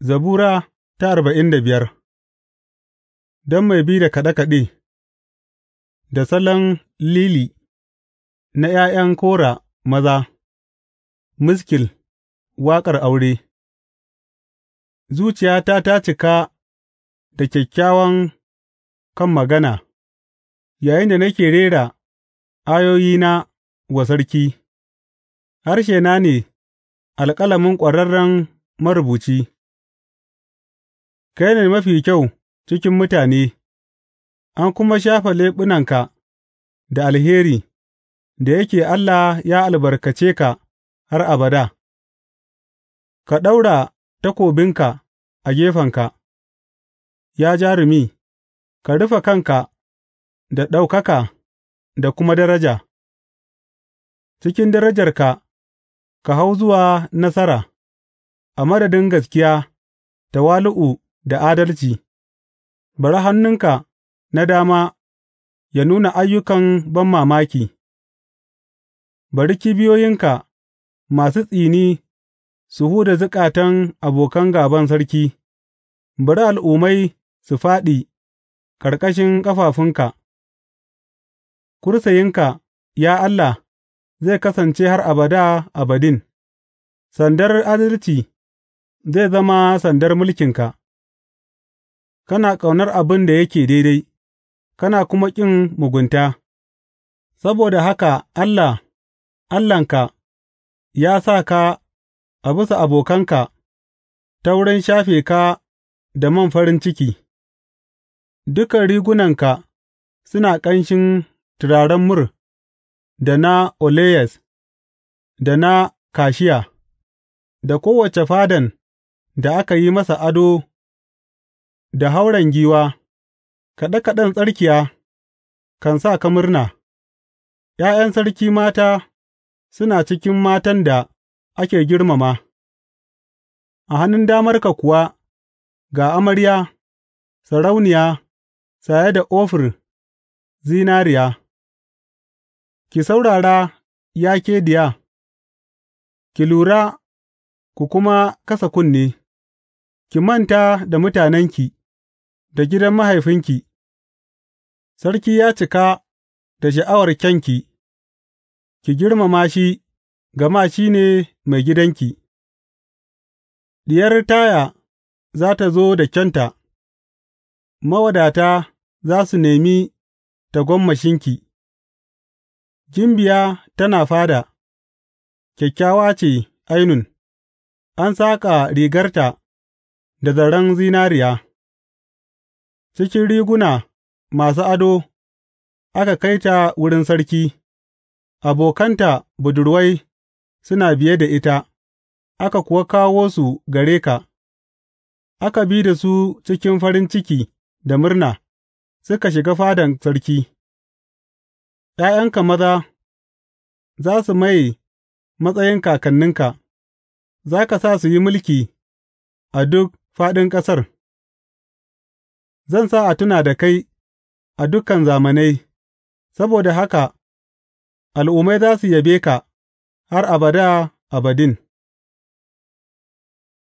Zabura ta arba'in da biyar Don mai bi da kaɗe kaɗe da salon lili na ’ya'yan Kora maza, miskil waƙar aure Zuciyata ta cika da kyakkyawan kan magana yayin da nake rera ayoyina wa sarki, harshena ne alƙalamin ƙwararren marubuci. Kai ne mafi kyau cikin mutane, an kuma shafa leɓunanka da alheri, da yake Allah ya albarkace ka har abada; ka ɗaura takobinka a gefenka, ya jarumi, ka rufe kanka da ɗaukaka da kuma daraja; cikin darajarka ka hau zuwa nasara, a madadin gaskiya, tawali'u. da adalci, bari hannunka na dama ya nuna ayyukan banmamaki; bari kibiyoyinka masu tsini su huda zukatan abokan gaban sarki, bari al'ummai su fāɗi ƙarƙashin ƙafafunka; Kursayinka ya Allah, zai kasance har abada abadin, sandar adalci zai zama sandar mulkinka. kana ƙaunar abin da yake daidai, kana kuma ƙin mugunta, saboda haka Allah, Allahnka, ya sa ka a bisa abokanka ta wurin shafe ka da man farin ciki, dukan rigunanka suna ƙanshin turaren mur da na oleyes da na kashiya, da kowace fadan da aka yi masa ado Da hauren giwa, kaɗe kaɗen tsarkiya kan sa ka murna; ’ya'yan sarki mata suna cikin matan da ake girmama, a hannun damarka kuwa ga amarya, sarauniya, saye da Ofir zinariya Ki saurara, ya ke diya, ki lura ku kuma kasa kunne; ki manta da mutanenki. da gidan mahaifinki, sarki ya cika da sha'awar kyanki, ki girmama shi, gama shi ne mai gidanki. Diyar Taya za ta zo da kyanta, mawadata za su nemi tagomashinki, Jimbiya tana fada, kyakkyawa ce ainun, an saƙa rigarta da zaren zinariya. Cikin riguna masu ado aka kai ta wurin sarki, abokanta budurwai suna biye da ita, aka kuwa kawo su gare ka, aka bi da su cikin farin ciki da murna, suka shiga fadan sarki, ’ya'yanka maza za su maye matsayin kakanninka, za ka sa su yi mulki a duk fāɗin ƙasar. Zan sa a tuna da kai a dukan zamanai, saboda haka al'ummai za su yabe ka har abada abadin.